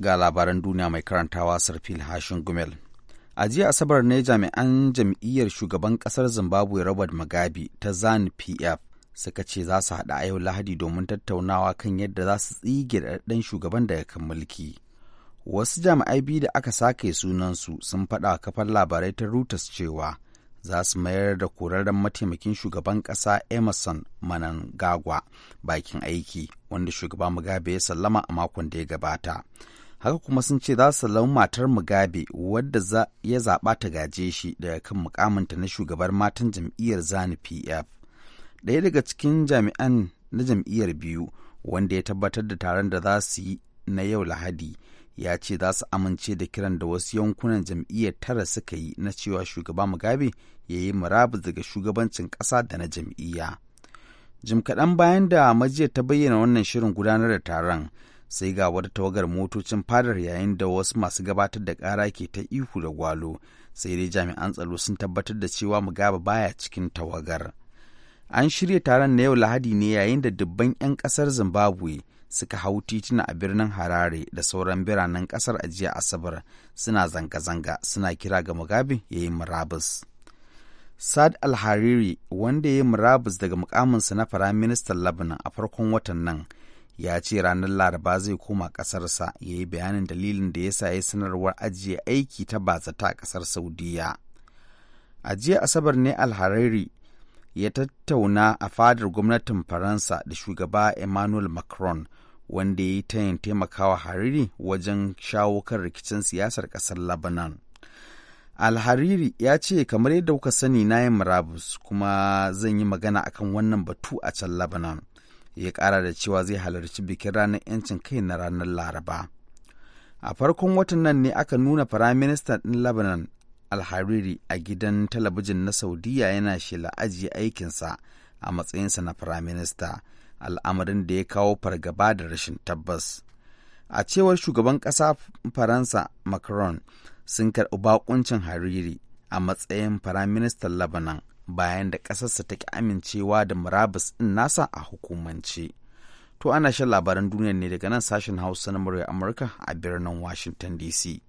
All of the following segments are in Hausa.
ga labaran duniya mai karantawa sarfil hashin gumel a jiya asabar ne jami'an jam'iyyar shugaban kasar zimbabwe robert mugabe ta zan pf suka ce za su haɗa a yau lahadi domin tattaunawa kan yadda za su tsige da shugaban daga kan mulki wasu jami'ai biyu da aka sake sunansu sun faɗa kafar labarai ta reuters cewa za su mayar da korarren mataimakin shugaban ƙasa emerson manangagwa bakin aiki wanda shugaba mugabe ya sallama a makon da ya gabata haka kuma sun ce za su lau matar mugabe wadda ya zaɓa ta gaje shi daga kan mukaminta na shugabar matan jam'iyyar zani pf ɗaya daga cikin jami'an na jam'iyyar biyu wanda ya tabbatar da taron da za su yi na yau lahadi ya ce za su amince da kiran da wasu yankunan jam'iyyar tara suka yi na cewa shugaba mugabe ya yi murabus daga shugabancin ƙasa da na jam'iyya jim kaɗan bayan da majiya ta bayyana wannan shirin gudanar da taron sai ga wata tawagar motocin fadar yayin da wasu masu gabatar da ƙara ke ta ihu da gwalo sai dai jami'an tsaro sun tabbatar da cewa mugabe baya cikin tawagar an shirya taron na yau lahadi ne yayin da dubban 'yan kasar zimbabwe suka hau tituna a birnin harare da sauran biranen kasar a jiya asabar suna zanga-zanga suna kira ga mugabe ya yi murabus sad al-Hariri wanda ya yi murabus daga mukaminsa na Firaministan Lebanon a farkon watan nan ya ce ranar laraba zai koma ƙasarsa ya yi bayanin dalilin da ya sa ya sanarwar ajiye aiki ta bazata a ƙasar saudiya a jiya asabar ne alhariri ya tattauna a fadar gwamnatin faransa da shugaba emmanuel macron wanda ya yi tayin taimakawa hariri wajen shawo kan rikicin siyasar ƙasar labanan alhariri ya ce kamar yadda kuka sani na yi murabus kuma zan yi magana akan wannan batu a can labanan ya kara da cewa zai halarci bikin ranar 'yancin kai na ranar laraba a farkon watan nan ne aka nuna firaministan ɗin lebanon alhariri a gidan talabijin na saudiya yana shela ajiye aikinsa a matsayinsa na firaminista al'amarin da ya kawo fargaba da rashin tabbas a cewar shugaban ƙasa faransa macron sun karɓi bakuncin hariri a matsayin firaministan lebanon bayan da ƙasarsa ta ki amincewa da murabus ɗin nasa a hukumance. To ana shan labaran duniya ne daga nan sashen Hausa na murya Amurka a birnin Washington DC.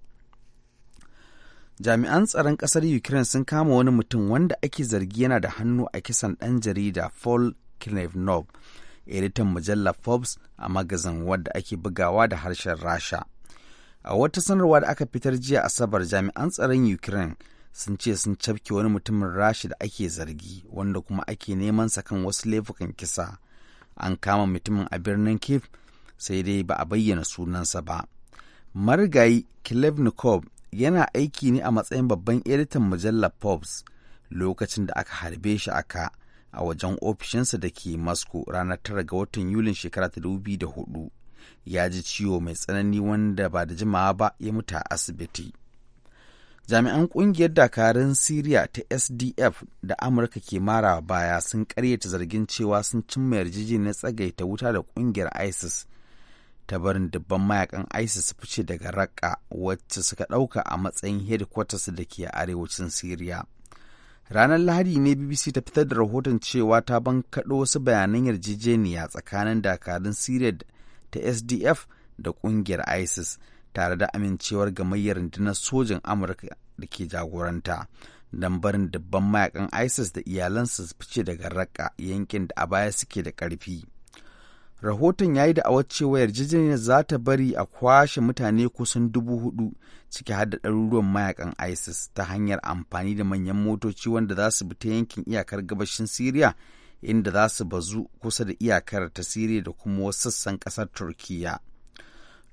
Jami'an tsaron ƙasar Ukraine sun kama wani mutum wanda ake zargi yana da hannu a kisan ɗan jarida Paul Knevnov, editan mujallar Forbes a magazin wadda ake bugawa da harshen Rasha. A wata sanarwa da aka fitar jiya Asabar jami'an tsaron Ukraine sun ce sun cafke wani mutumin rashi da ake zargi wanda kuma ake neman sa kan wasu laifukan kisa an kama mutumin a birnin kif sai dai ba a bayyana sunansa ba marigayi klevnikov yana aiki ne a matsayin babban editan mujallar pops lokacin da aka harbe shi aka a wajen ofishinsa da ke masko ranar 9 ga watan yulin shekara ta ya ji ciwo mai tsanani wanda ba da jimawa ba ya mutu a asibiti jami'an kungiyar dakarun siriya ta sdf da amurka ke mara baya sun karyata zargin cewa sun cimma yarjejeniyar tsagaita wuta da kungiyar isis ta barin dubban mayakan isis su fice daga raqqa wacce suka dauka a matsayin headquarters da ke arewacin siriya ranar lahadi ne bbc ta fitar da rahoton cewa ta bankaɗo wasu bayanan yarjejeniya tsakanin dakarun siriya ta sdf da kungiyar isis tare da amincewar gamayyar rundunar sojin amurka da ke jagoranta don barin dubban mayakan isis da iyalansu su fice daga raka yankin da a baya suke da karfi rahoton ya yi da'awar cewa yarjejeniyar za ta bari a kwashe mutane kusan dubu hudu ciki har da ɗaruruwan mayakan isis ta hanyar amfani da manyan motoci wanda za su bi ta yankin iyakar gabashin siriya inda za su bazu kusa da iyakar ta siriya da kuma wasu sassan ƙasar turkiyya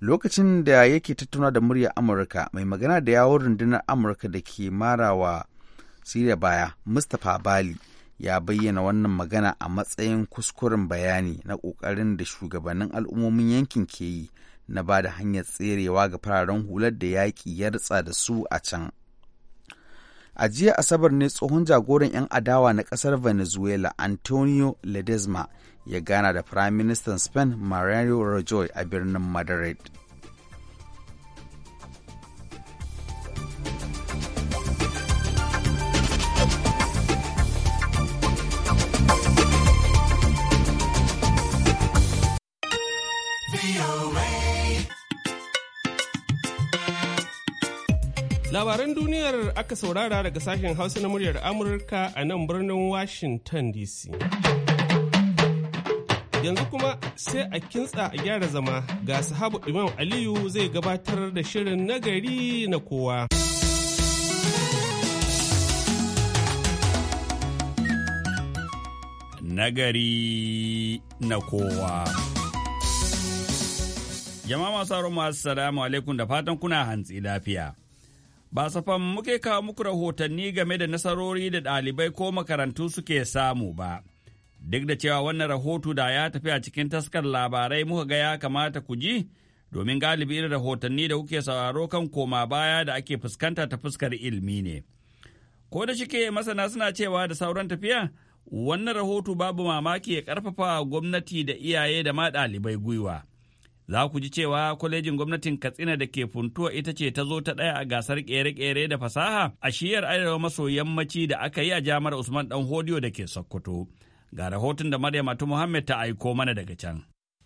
lokacin da yake tattauna da murya amurka mai magana da yawon rundunar amurka da ke marawa siriya baya mustapha bali ya bayyana wannan magana a matsayin kuskuren bayani na ƙoƙarin da shugabannin al'ummomin yankin ke yi na ba da hanyar tserewa ga fararen hular da yaƙi ya ritsa da su a can. A jiya Asabar ne tsohon jagoran 'yan adawa na kasar Venezuela Antonio Ledesma ya gana da Firaministan Spain Mariano Rajoy a birnin Madrid. Labaran duniyar aka saurara daga sashen Hausa na muryar Amurka a nan birnin Washington DC. Yanzu kuma sai a kintsa a gyara zama ga sahabu Imam Aliyu zai gabatar da shirin nagari na kowa. Nagari na kowa. Jama'a masu salamu alaikum da fatan kuna hantsi lafiya. Ba safan muke kawo muku rahotanni game da nasarori da ɗalibai ko makarantu suke samu ba. Duk da cewa wannan rahoto da ya tafi a cikin taskar labarai muka ga ya kamata ku ji, domin galibi irin rahotanni da kuke sauraro kan koma baya da ake fuskanta ta fuskar ilimi ne. Ko da shike masana suna cewa da sauran tafiya, wannan rahoto babu mamaki ya ƙarfafa gwamnati da iyaye da ma ɗalibai gwiwa. Za ku ji cewa kwalejin gwamnatin Katsina da ke funtuwa ita ce ta zo ta ɗaya a gasar ƙere-ƙere da fasaha a shiyar arewa maso yammaci da aka yi a jamar Usman Dan Hodiyo da ke Sokoto. Ga rahoton da Maryam Atu Muhammad ta aiko mana daga can.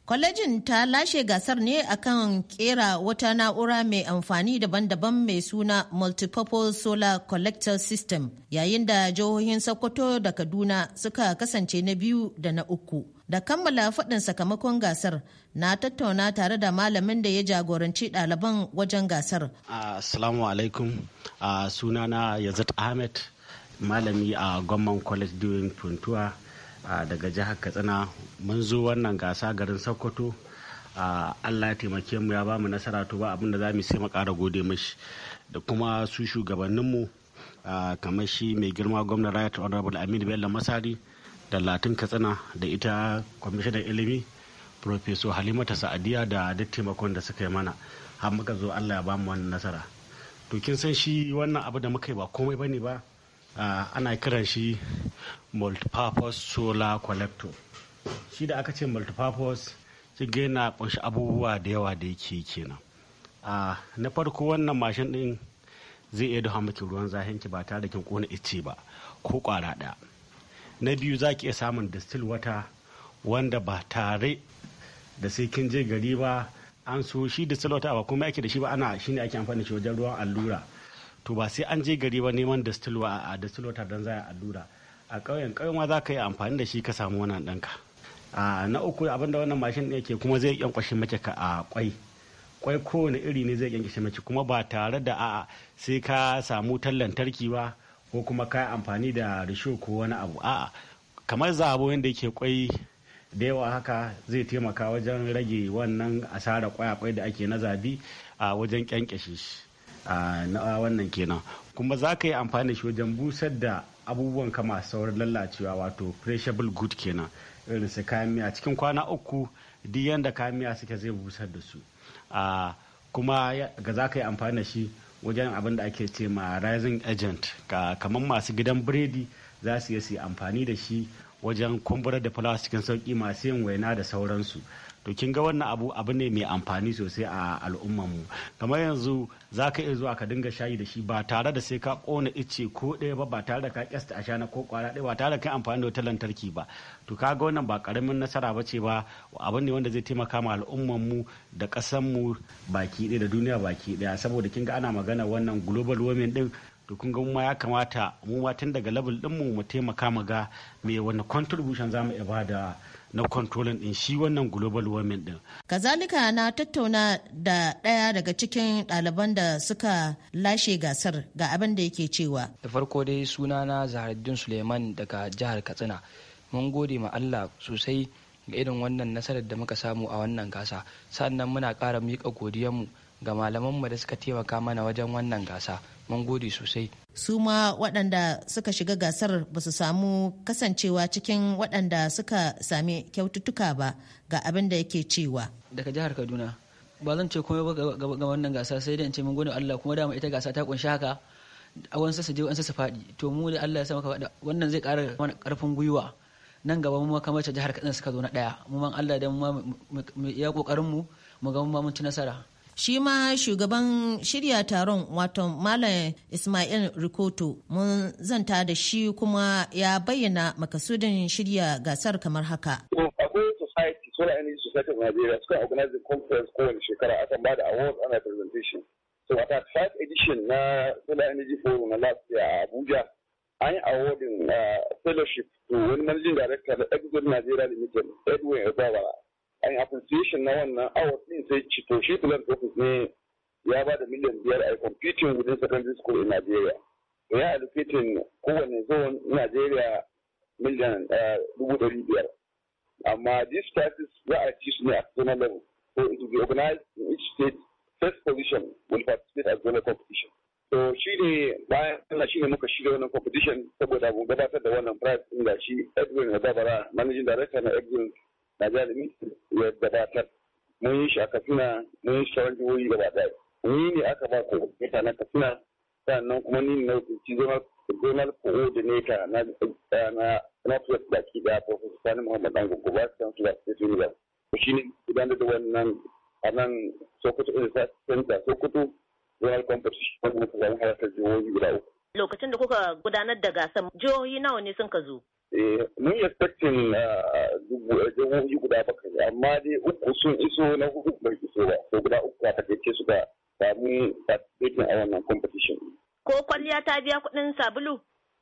Kwalejin ta lashe gasar ne akan kera wata na'ura mai amfani daban-daban mai suna Multipurpose Solar Collector System yayin da jihohin Sokoto da Kaduna suka kasance na biyu da na uku. da kammala faɗin sakamakon gasar na tattauna tare da malamin da ya jagoranci ɗaliban wajen gasar. Assalamu alaikum sunana Yazid Ahmed malami a Gwamman College doing Puntuwa daga jihar Katsina mun zo wannan gasa garin Sokoto Allah ya taimake mu ya bamu nasara to ba abin da za mu sai mu ƙara gode mashi da kuma su shugabanninmu kamar shi mai girma gwamna Right Honorable Aminu Bello Masari. da latin katsina da ita kwamishinan ilimi profeso halimata sa'adiya da duk taimakon da suka yi mana har muka zo allah ya bamu wani nasara to kin san shi wannan abu da muka yi ba komai bane ba ana kiran shi multipurpose solar collector shi da aka ce multipurpose shi gaina kunshi abubuwa da yawa da yake kenan na farko wannan mashin din zai iya da miki ruwan zahinki ba tare da kin kona ice ba ko kwara daya na biyu za ki iya samun distil wata wanda ba tare da sai kin je gari ba an so shi distil wata ba kuma yake da shi ba ana shi ne ake amfani shi wajen ruwan allura to ba sai an je gari ba neman distil wa a distil wata don za a allura a ƙauyen ƙauyen ma za ka yi amfani da shi ka samu wannan ɗanka na uku abinda wannan mashin ɗin yake kuma zai kyankwashe mace ka a kwai kwai kowane iri ne zai kyankwashe mace kuma ba tare da a sai ka samu tallantarki ba ko kuma ka amfani da risho ko wani abu a'a kamar zabo yadda yake kwai da yawa haka zai taimaka wajen rage wannan asara kwayakwai da ake na zabi a wajen kyankyashe shi na wannan kenan kuma za ka yi amfani da shi wajen busar da abubuwan kama masu saurin lallacewa wato perishable good kenan irin su kayan miya cikin kwana uku duk yadda kayan miya suke zai busar da su kuma ga za ka yi amfani da shi wajen abin da ake ce ma rising agent kamar masu gidan biredi za su yi amfani da shi wajen kumbura da fulawa sauki masu yin waina da sauransu to kin ga wannan abu abu ne mai amfani sosai a al'ummarmu kamar yanzu za ka iya zuwa ka dinga shayi da shi ba tare da sai ka kona ice ko ɗaya ba ba tare da ka kyasta a shana ko kwara ɗaya ba tare da kai amfani da wata lantarki ba to ka ga wannan ba karamin nasara ba ce ba abu ne wanda zai taimaka ma al'ummarmu da ƙasarmu baki ɗaya da duniya baki ɗaya saboda kin ga ana magana wannan global warming din to kun ga ma ya kamata mu ma tun daga level din mu mu taimaka mu ga me wani contribution mu iya bada na controlling din shi wannan global warming din. Kazalika na tattauna da ɗaya daga cikin ɗaliban da suka lashe gasar ga abin da yake cewa. Da farko dai suna na Zaharuddin Suleiman daga jihar Katsina. Mun gode ma Allah sosai ga irin wannan nasarar da muka samu a wannan gasa. Sannan muna ƙara miƙa godiyanmu ga malamanmu da suka taimaka mana wajen wannan gasa mun gode sosai su ma waɗanda suka shiga gasar ba su samu kasancewa cikin waɗanda suka sami kyaututtuka ba ga abin da yake cewa daga jihar kaduna ba zan ce komai ba ga wannan gasa sai dai in ce mun gode Allah kuma dama ita gasa ta kunshi haka a wani su je wani su faɗi to mu da Allah ya sa maka wannan zai ƙara mana ƙarfin gwiwa nan gaba mu kamar jihar kaduna suka zo na ɗaya mu man Allah dan mu ya kokarin mu mu ga ba mun ci nasara shi ma shugaban shirya taron wato malam ismail rikoto mun zanta da shi kuma ya bayyana makasudin shirya gasar kamar haka Solar Energy Society of Nigeria suka organize conference kowane shekara akan ba da awards ana presentation. So at that first edition na Solar Energy Forum na last year a Abuja, an yi awardin uh, fellowship to wani managing director na Exxon Nigeria Limited, Edwin Ogbawara. an association na wannan awas din sai ci to shi plant office ne ya ba da miliyan biyar a computing within secondary school in Nigeria. Ya allocating kowane zone Nigeria miliyan eh, dubu ɗari biyar. Amma this practice za a ci su ne a zonal level. So it will be organized in each state. First position will participate as zonal competition. So shi ne bayan Allah shi ne muka shirya wannan competition saboda mun gabatar da wannan prize ɗin da shi Edwin Adabara, managing director na Edwin na jihar ya gabatar mun yi shi a katsina mun yi shawarar jihohi gaba daya ni ne aka ba ko mutanen katsina sannan kuma ni na wakilci zonal coordinator na eh, na na plus baki da professor sani muhammad dan gugu ba san su da state university shi ne idan da wannan a nan sokoto eh, university center sokoto zonal competition wanda muka zama halartar jihohi guda uku lokacin da kuka gudanar da gasar jihohi nawa ne sun ka zo Eh, mun yi aspektin ah, eh, jihohi guda bakwai amma dai uku sun iso na hudu bai iso ba ko guda uku a takaice suka samu participating a wannan competition. Ko kwalliya ta biya kuɗin sabulu?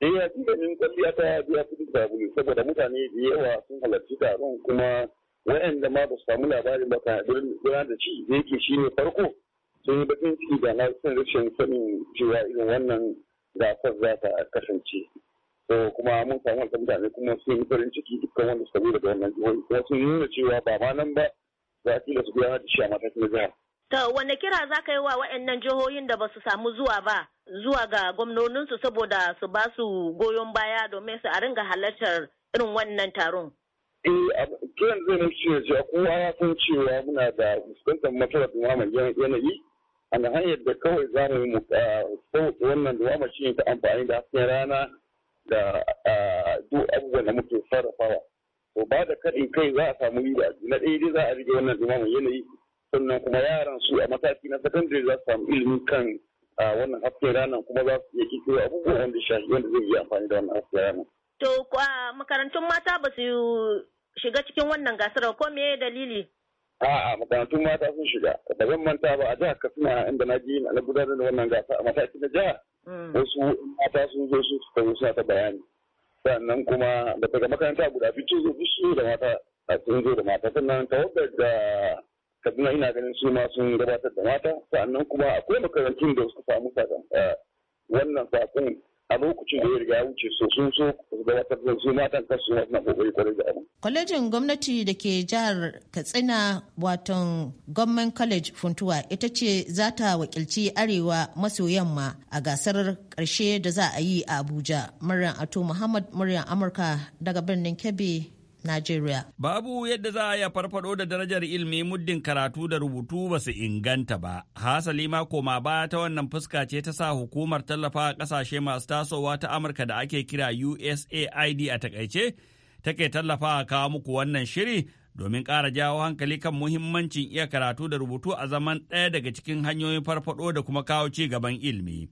Eh ya ji ganin kwalliya ta biya kuɗin sabulu saboda mutane da yawa sun halarci taron kuma waɗanda ma ba su samu labarin ba ka kan da ci da yake shi ne farko sun yi bakin ciki da na rashin sanin cewa irin wannan gasar za ta kasance. ko kuma mun samu wata mutane kuma sun yi farin ciki dukkan wanda suka zo daga wannan jihohi kuma sun nuna cewa ba ma nan ba za a kila su gudanar da shi a matakin jihar. To Wani kira za ka yi wa waɗannan jihohin da ba su samu zuwa ba zuwa ga gwamnoninsu saboda su ba su goyon baya domin su a ringa halartar irin wannan taron? Eh, kiran zai nufi cewa cewa kowa ya san cewa muna da fuskantar matsalar dumamar yanayi a hanyar da kawai za mu yi ah, wannan dumamar shi ta amfani da hasken rana da duk abubuwan da muke sarrafawa to ba da kaɗin kai za a samu riba na ɗaya dai za a rige wannan dumamin yanayi sannan kuma yaran su a mataki na sakandare za su samu ilimi kan wannan hasken ranar kuma za su iya kiko abubuwan wanda shafi wanda zai iya amfani da wannan hasken ranar. To makarantun mata ba su shiga cikin wannan gasar ba ko me dalili? A'a makarantun mata sun shiga da zan manta ba a jihar Katsina inda na ji na gudanar da wannan gasa a matakin na jihar. Hmm. Wasu mata sun zo su ta suna ta bayani. Sannan kuma da daga makaranta guda biyu zo zo da mata a sun zo da mata sannan tawagar da Kaduna ina ganin su ma sun gabatar da mata sannan kuma akwai makarantun da suka samu sakon eh, wannan sakon a lokacin da ya riga ya wuce so sun so su ga wata su kasu na kuma kokari kwarai da abu. Kwalejin gwamnati da ke jihar Katsina waton Government College Funtuwa ita ce za ta wakilci Arewa maso yamma a gasar ƙarshe da za a yi a Abuja. Muryan Ato Muhammad Muryan Amurka daga birnin Kebbi Najeriya. Babu yadda za a ya farfado da darajar ilimi muddin karatu da rubutu ba su inganta ba. Hasali ma koma baya ta wannan fuska ce ta sa hukumar tallafa a ƙasashe masu tasowa ta Amurka da ake kira USAID a takaice take tallafa a kawo muku wannan shiri domin ƙara jawo hankali kan muhimmancin iya karatu da rubutu a zaman ɗaya daga cikin hanyoyin farfado da kuma kawo ci gaban ilmi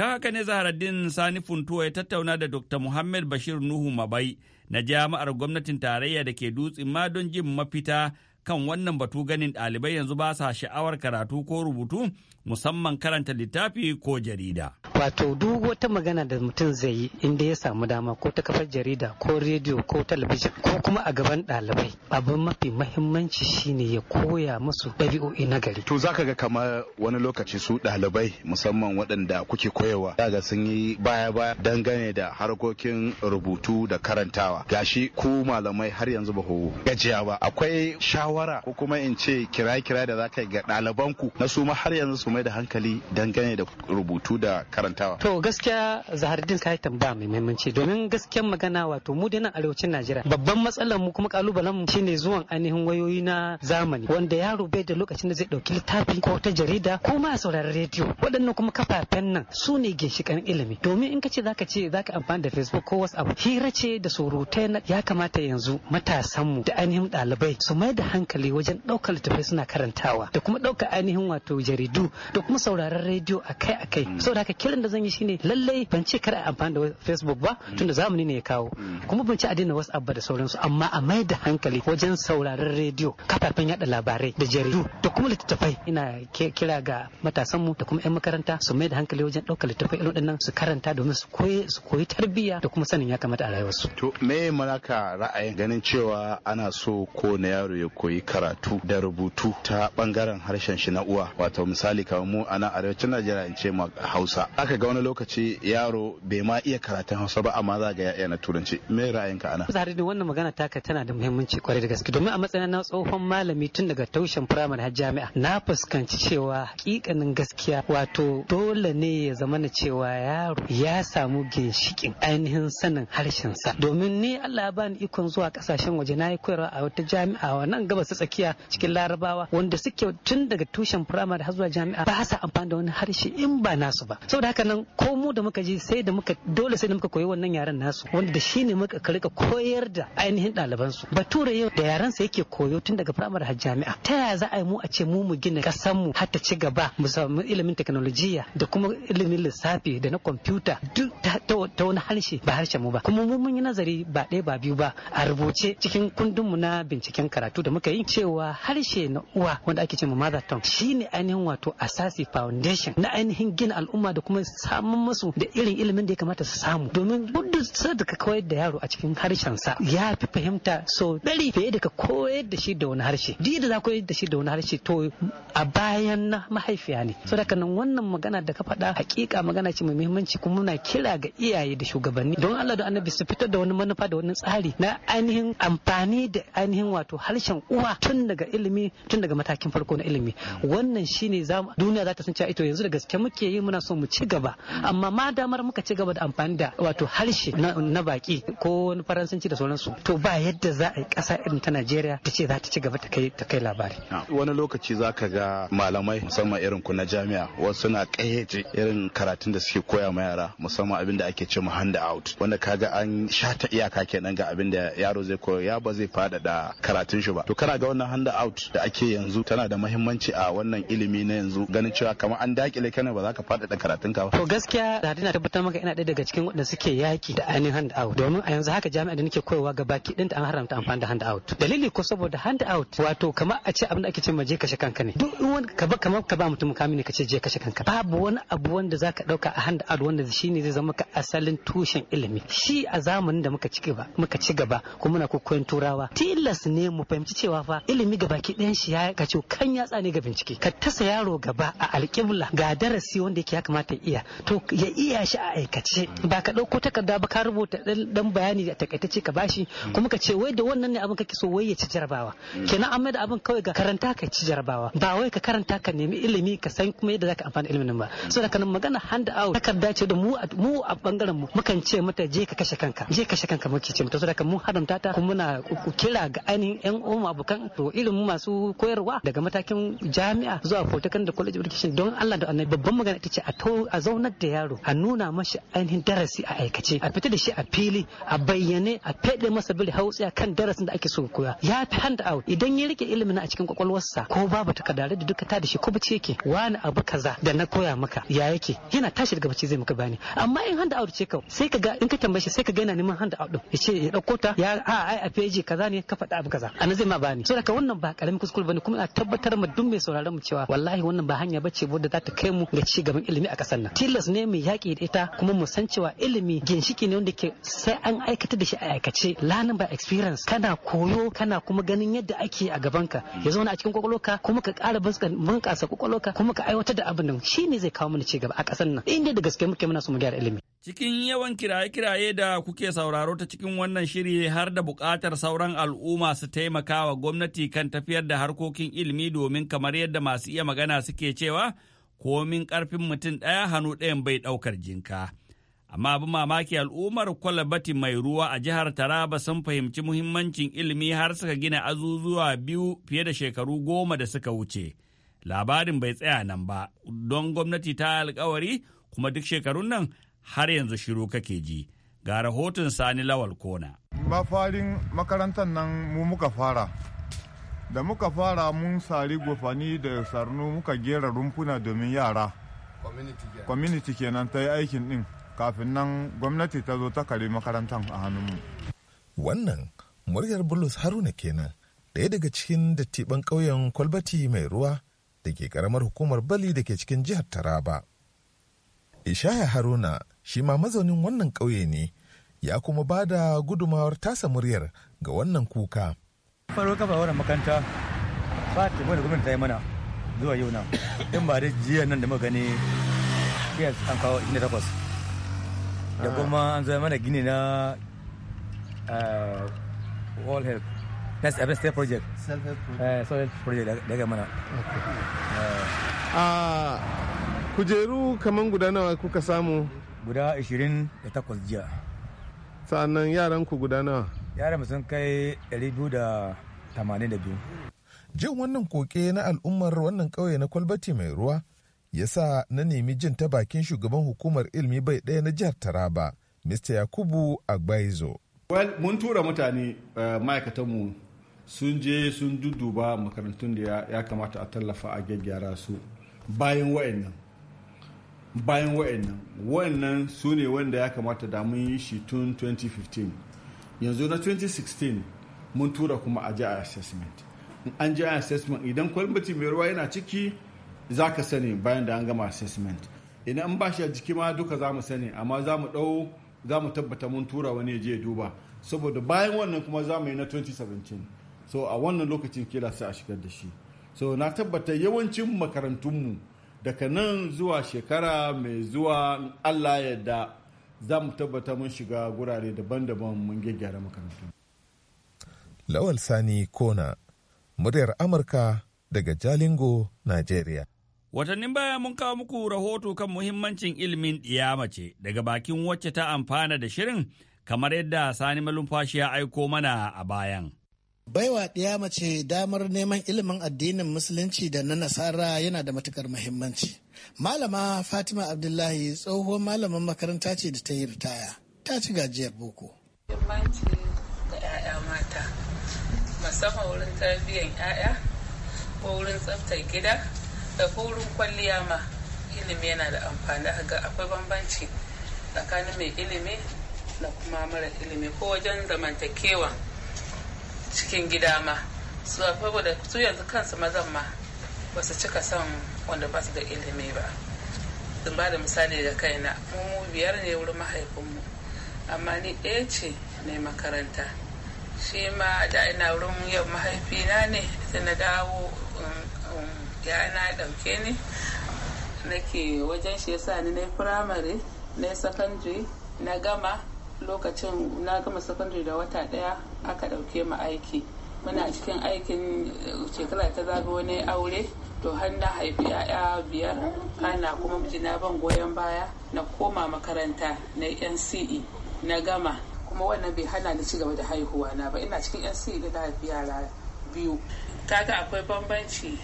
Kan haka ne Zaharaddin Sani Funtuwa ya tattauna da Dr. Muhammad Bashir Nuhu Mabai na jami'ar gwamnatin tarayya da ke dutsen ma don jin mafita kan wannan batu ganin ɗalibai yanzu ba sa sha'awar karatu ko rubutu musamman karanta littafi ko jarida. Wato duk wata magana da mutum zai yi inda ya samu dama ko ta kafar jarida ko rediyo ko talabijin ko kuma a gaban ɗalibai abin mafi mahimmanci shine ya koya musu ɗabi'o'i na gari. To ka ga kamar wani lokaci su ɗalibai musamman waɗanda kuke koyawa daga sun yi baya baya dangane da harkokin rubutu da karantawa gashi ku malamai har yanzu ba gajiya ba akwai shawara shawara ko kuma in ce kira-kira da za ka yi ga ɗalibanku na su ma har yanzu su mai da hankali dangane da rubutu da karantawa. To gaskiya Zahardin ka yi tambaya mai muhimmanci domin gaskiyar magana wato mu dai nan arewacin Najeriya babban matsalar mu kuma kalubalen mu shine zuwan ainihin wayoyi na zamani wanda yaro bai da lokacin da zai dauki littafi ko ta jarida ko ma sauraron rediyo waɗannan kuma kafafen nan su ne ginshikan ilimi domin in ka ce zaka ce zaka amfani da Facebook ko WhatsApp hira ce da surutai ya kamata yanzu matasan mu da ainihin ɗalibai su mai da hankali hankali wajen ɗaukar littattafai suna karantawa da kuma ɗaukar ainihin wato jaridu da kuma sauraron rediyo akai akai mm. saboda haka kiran da zan yi shine lallai ban ce kar a amfani da facebook ba mm. tunda zamani ne ya kawo mm. kuma ban ce a daina whatsapp ba da sauransu amma a mai da hankali wajen sauraron rediyo kafafen yada labarai da jaridu da kuma littattafai ina kira ga matasan mu da kuma 'yan makaranta su mai da hankali wajen ɗaukar littattafai irin waɗannan su karanta domin su koyi su koyi tarbiyya da kuma sanin ya kamata a rayuwarsu to me ka ra'ayin ganin cewa ana so ko na yaro ya koyi koyi karatu da rubutu ta bangaren harshen shi na uwa wato misali kamar mu a nan arewacin najeriya in ce ma hausa aka ga wani lokaci yaro bai ma iya karatun hausa ba amma za ga ya na turanci me ra'ayinka ana zare da wannan magana taka tana da muhimmanci kwarai da gaske domin a matsayin na tsohon malami tun daga taushen firamare har jami'a na fuskanci cewa hakikanin gaskiya wato dole ne ya zama na cewa yaro ya samu ginshikin ainihin sanin harshen sa domin ni Allah ya bani ikon zuwa kasashen waje na yi koyarwa a wata jami'a wannan gaba gabas ta tsakiya cikin larabawa wanda suke tun daga tushen firamare har zuwa jami'a ba sa amfani da wani harshe in ba nasu ba saboda haka nan ko mu da muka ji sai da muka dole sai da muka koyi wannan yaren nasu wanda da shine muka karika koyar da ainihin ɗaliban su bature yau da yaren sa yake koyo tun daga firamare har jami'a ta yaya za a yi mu a ce mu mu gina kasan mu har ta ci gaba mu samu ilimin teknolojiya da kuma ilimin lissafi da na kwamfuta duk ta wani harshe ba harshen mu ba kuma mu mun yi nazari ba ɗaya ba biyu ba a rubuce cikin kundinmu na binciken karatu da muka suka yi cewa harshe na uwa wanda ake cewa mother tongue shine ainihin wato asasi foundation na ainihin gina al'umma da kuma samun musu da irin ilimin da ya kamata su samu domin duk da ka koyar da yaro a cikin harshen sa ya fi fahimta so dari fiye da ka koyar da shi da wani harshe duk da za koyar da shi da wani harshe to a bayan na mahaifiya ne so daga nan wannan magana da ka faɗa hakika magana ce mai muhimmanci kuma muna kira ga iyaye da shugabanni don Allah da annabi su fitar da wani manufa da wani tsari na ainihin amfani da ainihin wato harshen uwa kowa tun daga ilimi tun daga matakin farko na ilimi wannan shine za duniya za ta san cewa ito yanzu da gaske muke yi muna so mu ci gaba amma ma damar muka ci gaba da amfani da wato harshe na baki ko wani faransanci da sauransu to ba yadda za a yi ƙasa irin ta Najeriya ta ce za ta ci gaba ta kai ta kai labari wani lokaci za ka ga malamai musamman irin ku na jami'a wasu na ƙayyace irin karatun da suke koya ma yara musamman abin da ake cewa hand out wanda kaga an shata iyaka kenan ga abin da yaro zai koya ya ba zai faɗaɗa karatun shi ba to kana ga wannan hand out da ake yanzu tana da muhimmanci a wannan ilimi na yanzu ganin cewa kamar an dakile kana ba za ka faɗaɗa karatun ka ba to gaskiya da dina tabbatar maka ina ɗaya daga cikin waɗanda suke yaki da ainihin hand out domin a yanzu haka jami'a da nake koyarwa ga baki da an haramta amfani da hand out dalili ko saboda hand out wato kamar a ce abin da ake ce ma je kashe kanka ne duk wani ka ba kamar ka ba mutum mukami ne ka ce je kashe kanka babu wani abu wanda za ka ɗauka a hand out wanda shine zai zama ka asalin tushen ilimi shi a zamanin da muka ci gaba muka ci gaba kuma muna koyon turawa tilas ne mu fahimci cewa fa ilimi ga baki ɗayan shi ya kace kan yatsa ne ga bincike ka tasa yaro gaba a alƙibla ga darasi wanda yake ya kamata iya to ya iya shi a aikace ba ka ɗauko takarda ba ka rubuta dan bayani a takaitace ka bashi mm. kuma ka ce wai da wannan ne abin kake so wai ya ci jarabawa mm. kenan amma da abin kawai ga karanta ka ci jarabawa ba wai ka karanta ka nemi ilimi ka san kuma yadda zaka amfana ilimin ba mm. saboda kana magana hand out takarda ce da mu mu a bangaren mu mukan ce mata je ka kashe kanka je kashe kanka muke ce mata saboda kan mu haramta ta kuma muna kira ga ainihin yan uwan abokan to ilimin masu koyarwa daga matakin jami'a zuwa fotokan da college education don Allah da annabi babban magana ita ce a to a zaunar da yaro a nuna mashi ainihin darasi a aikace a fita da shi a fili a bayyane a fede masa bil hausa kan darasin da ake so koya ya fi hand out idan ya rike ilimin a cikin kwakwalwarsa ko babu takardare da duka ta da shi ko bace yake wani abu kaza da na koya maka ya yake yana tashi daga bace zai maka bani amma in hand out ce kawai sai ka ga in ka tambaye shi sai ka ga yana neman hand out din ya ce ya dauko ta ya a ai a feji kaza ne ka faɗa abu kaza anan zai ma ba. addu'a ne so daga wannan ba karamin kuskure bane kuma a tabbatar ma duk mai sauraron mu cewa wallahi wannan ba hanya bace wadda za ta kai mu ga ci gaban ilimi a kasar nan tilas ne mu yaki da ita kuma mu san cewa ilimi ginshiki ne wanda ke sai an aikata da shi a aikace lanin ba experience kana koyo kana kuma ganin yadda ake a gaban ka. ya zauna a cikin kwakwalwarka kuma ka ƙara bunƙasa kwakwalwarka kuma ka aiwatar da abin nan shine zai kawo mana ci gaba a kasar nan inda da gaske muke muna so mu gyara ilimi Cikin yawan kiraye-kiraye da kuke sauraro ta cikin wannan shiri har da buƙatar sauran al'umma su taimaka wa gwamnati kan tafiyar da harkokin ilimi domin kamar yadda masu iya magana suke cewa komin ƙarfin mutum ɗaya hannu ɗayan bai ɗaukar jinka. Amma abin mamaki al'ummar kwalabati mai ruwa a jihar Taraba sun fahimci muhimmancin ilimi har suka gina azuzuwa biyu fiye da shekaru goma da suka wuce. Labarin bai tsaya nan ba, don gwamnati ta alkawari kuma duk shekarun nan har yanzu shiru kake ji ga rahoton sani lawal kona mafarin makarantar nan mu muka fara da muka fara mun sari gofani da sarnu muka gera rumfuna domin yara community kenan ta yi aikin din kafin nan gwamnati ta zo ta kare makarantar a hannunmu wannan muryar bulus haruna kenan daya daga cikin dattiban ƙauyen kwalbati mai ruwa da ke karamar hukumar bali da ke cikin jihar taraba Ishaya Haruna shi ma mazaunin wannan ƙauye ne ya kuma ba da gudumawar tasa muryar ga wannan kuka. Faro kafa wannan makaranta ba ta mana gwamnati ta yi mana zuwa yau nan in ba da jiya nan da muka gani yes an kawo inda takwas da ah. kuma an zama mana gini na eh, world health next abin state project self-help project eh, daga mana eh. ah, kujeru kamar guda nawa kuka samu guda 28 jiya sa'annan yaran ku guda nawa yaran sun kai 282 jin wannan koke na al'ummar wannan kauye na kwalbati mai ruwa ya sa na nemi jin ta bakin shugaban hukumar ilmi bai ɗaya na jihar taraba mr yakubu agbaizo well mun tura mutane eh, ma'aikatanmu sun je sun duduba makarantun da ya kamata a tallafa a gyaggyara su bayan wa'annan bayan wa'annan wa'annan su ne wanda ya kamata da mun yi shi tun 2015 yanzu na 2016 mun tura kuma a jiya assessment an ji assessment idan kwalmati mai ruwa yana ciki za ka sani bayan da an gama assessment idan an bashi a jiki ma duka za mu sani amma za mu ɗau za mu tabbata mun tura wani ya je duba saboda bayan wannan kuma za mu yi na 2017 so a wannan lokacin kila sai a shigar da shi so na tabbata yawancin makarantunmu daga nan zuwa shekara mai zuwa allah yadda za mu tabbata mun shiga gurare daban-daban mun gyaggyara makarantu. lawal sani kona muryar amurka daga jalingo nigeria Watannin baya mun kawo muku rahoto kan muhimmancin ilimin mace daga bakin wacce ta amfana da shirin kamar yadda Sani Malumfashi ya aiko mana a bayan. baiwa ɗaya mace damar neman ilimin addinin musulunci da na nasara yana da matukar muhimmanci malama fatima abdullahi tsohon malamin makaranta ce da ta yi ritaya ta ci gajiyar boko muhimmanci ga 'ya'ya mata musamman wurin tarbiyyar 'ya'ya ko wurin tsaftar gida da ko wurin kwalliya ma ilimi yana da amfani ga akwai bambanci tsakanin mai ilimi da kuma mara ilimi ko wajen zamantakewa cikin gida ma su da su yanzu kansu mazan ma ba su cika son wanda ba su da ilimi ba zan ba da misali da kaina mu biyar ne wurin mahaifinmu amma ni ɗaya ce ne makaranta shi ma da ina wurin yau mahaifina ne sai na dawo um, um, ya na ɗauke ni nake wajen shi yasa ni na yi firamare na sakandare na gama lokacin na gama sakandare da wata daya aka dauke mu aiki muna cikin aikin eh, shekara ta zabi wani aure to har na haifi 'ya'ya biyar ana kuma mijina ban goyon baya na koma makaranta na nce na gama kuma wannan bai hana ni cigaba da haihuwa na ba ina cikin nce da na haifi yara biyu kaga akwai bambanci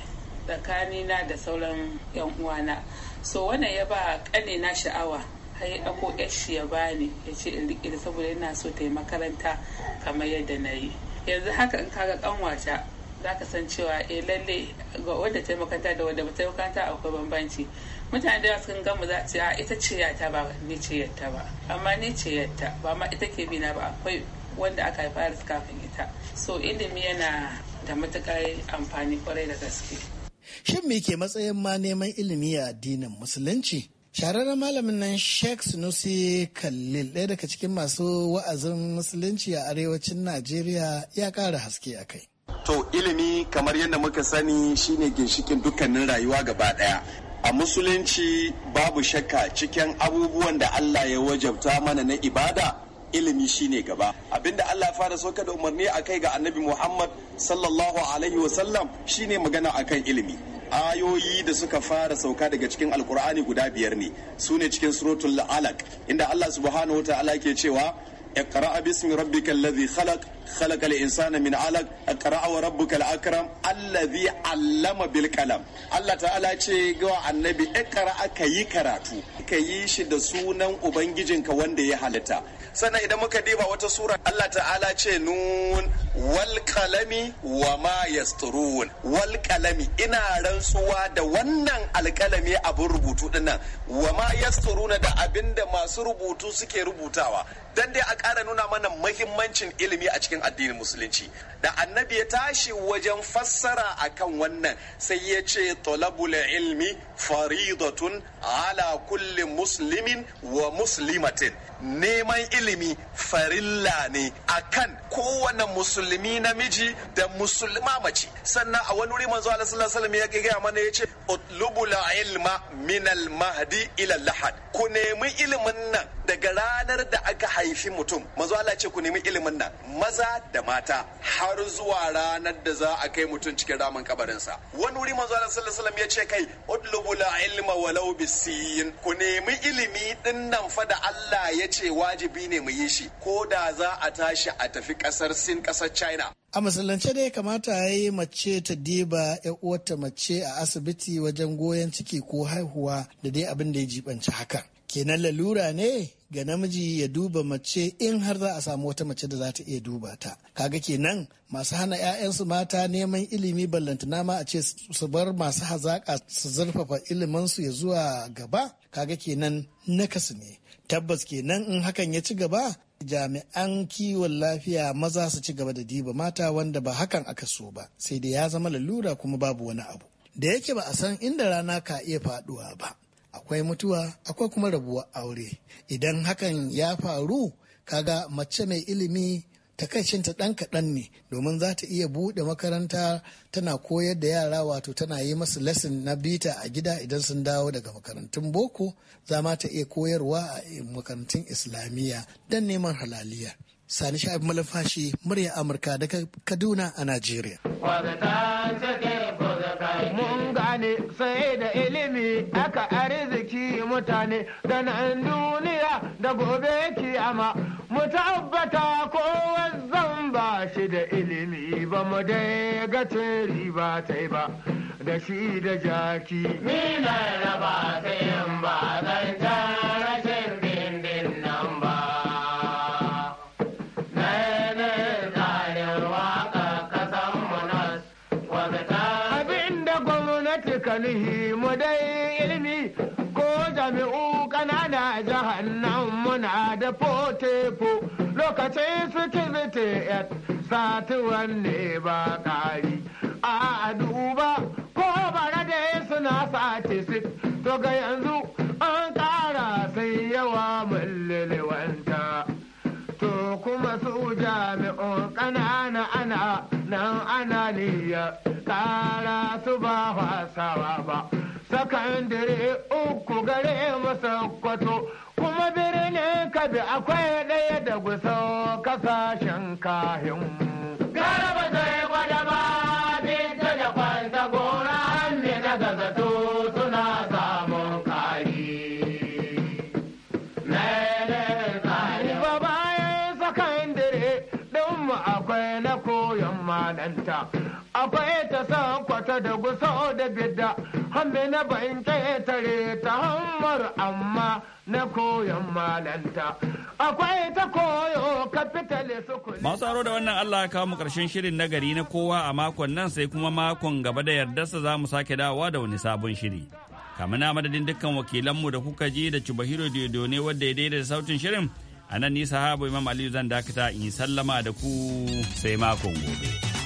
tsakanina da sauran 'yan uwana so wannan ya ba ƙanina sha'awa har ako yashi ya bani ya ce in riƙe da saboda yana so ta yi makaranta kamar yadda na yi yanzu haka in kaga ƙanwata za ka san cewa eh lalle ga wadda ta yi makaranta da wadda ba ta yi makaranta akwai bambanci mutane da sun gamu za su a ita ce yata ba ni ce yadda ba amma ni ce yadda ba ma ita ke bina ba akwai wanda aka haifa da kafin ita so ilimi yana da matukar amfani kwarai da gaske shin me ke matsayin ma neman ilimi a addinin musulunci shararren malamin nan sheikh sunusi khalil ɗaya daga cikin masu wa'azin musulunci a arewacin najeriya ya ƙara haske a kai to ilimi kamar yadda muka sani shine ginshikin dukkanin rayuwa gaba ɗaya a musulunci babu shakka cikin abubuwan da allah ya wajabta mana na ibada ilimi shine gaba abinda Allah ya fara sauka da umarni a kai ga annabi Muhammad sallallahu alaihi wasallam shine magana akan ilimi ayoyi da suka fara sauka daga cikin alkur'ani guda biyar ne su ne cikin suratul alaq inda Allah subhanahu wataala ke cewa rabbikal ladhi khalaq khalaqal insana min alaq من wa rabbukal akram alladhi 'allama bil kalam Allah Ta'ala ce ga annabi اقرأ kayi karatu kayi shi da sunan ubangijinka wanda ya halitta sannan idan muka diba wata sura Allah ta'ala ce nun wal kalami wa ma yasturun wal kalami ina rantsuwa da wannan alkalami abin rubutu dinnan wa ma yasturuna da abinda masu rubutu suke rubutawa dan dai a ƙara nuna mana mahimmancin ilimi a cikin addinin musulunci da annabi ya tashi wajen fassara akan wannan sai ya ce talabul ilmi faridatun ala kulli muslimin wa muslimatin neman ilimi farilla ne akan kowane musulmi namiji da musulma mace sannan a wani wuri manzo Allah sallallahu alaihi wasallam ya gaya mana yace utlubul ilma min al mahdi ila lahad ku nemi ilimin nan daga ranar da aka haifi mutum manzo Allah ce ku nemi ilimin nan maza da mata har zuwa ranar da za a kai mutum cikin ramin kabarinsa wani wuri manzo Allah sallallahu alaihi wasallam ya ce kai utlubul ilma walau bisin ku nemi ilimi din nan fa da Allah ya ya ce wajibi ne mu yi shi ko da za a tashi a tafi kasar sin kasar china a musulunce dai kamata ya yi mace ta diba uwarta mace a asibiti wajen goyon ciki ko haihuwa da dai abin da ya jibanci haka. kenan lalura ne ga namiji ya duba mace in har za a samu wata mace da za ta iya duba ta kaga kenan masu hana 'ya'yansu mata neman ilimi ballantana ma a ce su bar masu hazaƙa su zurfafa su ya zuwa gaba kaga kenan nakasu ne tabbas kenan in hakan ya ci gaba jami'an kiwon lafiya maza su ci gaba da diba mata wanda ba hakan aka so ba sai dai ya zama lalura kuma babu wani abu da yake ba a san inda rana ka iya faduwa ba akwai mutuwa akwai kuma rabuwar aure idan hakan ya faru kaga mace mai ilimi takaicinta ɗan kaɗan ne domin za ta iya buɗe makaranta tana koyar da yara wato tana yi masu lesson na bita a gida idan sun dawo daga makarantun boko za ma ta iya koyarwa a makarantun islamiyya don neman halaliya sani sha'ib malafashi murya amurka daga kaduna a najeriya mun gane sai da ilimi aka arziki mutane da duniya da gobe kiyama mu tabbata ko zan ba shi da ilimi ba mu dai ga riba ta ba da shi da jaki ni na raba ta ba zan rashin dindin nan ba Abinda gwamnati kan nihi mu dai ilimi ko jami'u tefo-tefo lokacin sikiriti yat satuwan ne ba kari a duba ko bara da suna sati sit to ga yanzu an ƙara sai yawa mullilwanta to kuma su jami'un ƙanana ana nan ana niyya su ba wasawa ba sakandare uku gare mu kwato kuma birnin kabi akwai ɗaya da gusau kasashen kahin. Garaba zai gwada ba, da kwanta gora, an na gazato suna samun kashi. Mene tsari. Ba bayan sakandire, ɗinmu akwai na koyon malanta. Akwai ta san kwata da gusau da bidda, hambe na ban tare ta hammar amma. na koyon malanta. Akwai ta koyo kafitale sukuli. Masu aro da wannan Allah ka mu karshen shirin nagari na kowa a makon nan sai kuma makon gaba da yardarsa za mu sake dawowa da wani sabon shiri. Kamar na madadin dukkan wakilanmu da kuka je da Cibahiro Diodo ne wadda ya daidaita sautin shirin. A nan ni sahabu Imam Aliyu zan dakata in sallama da ku sai makon gobe.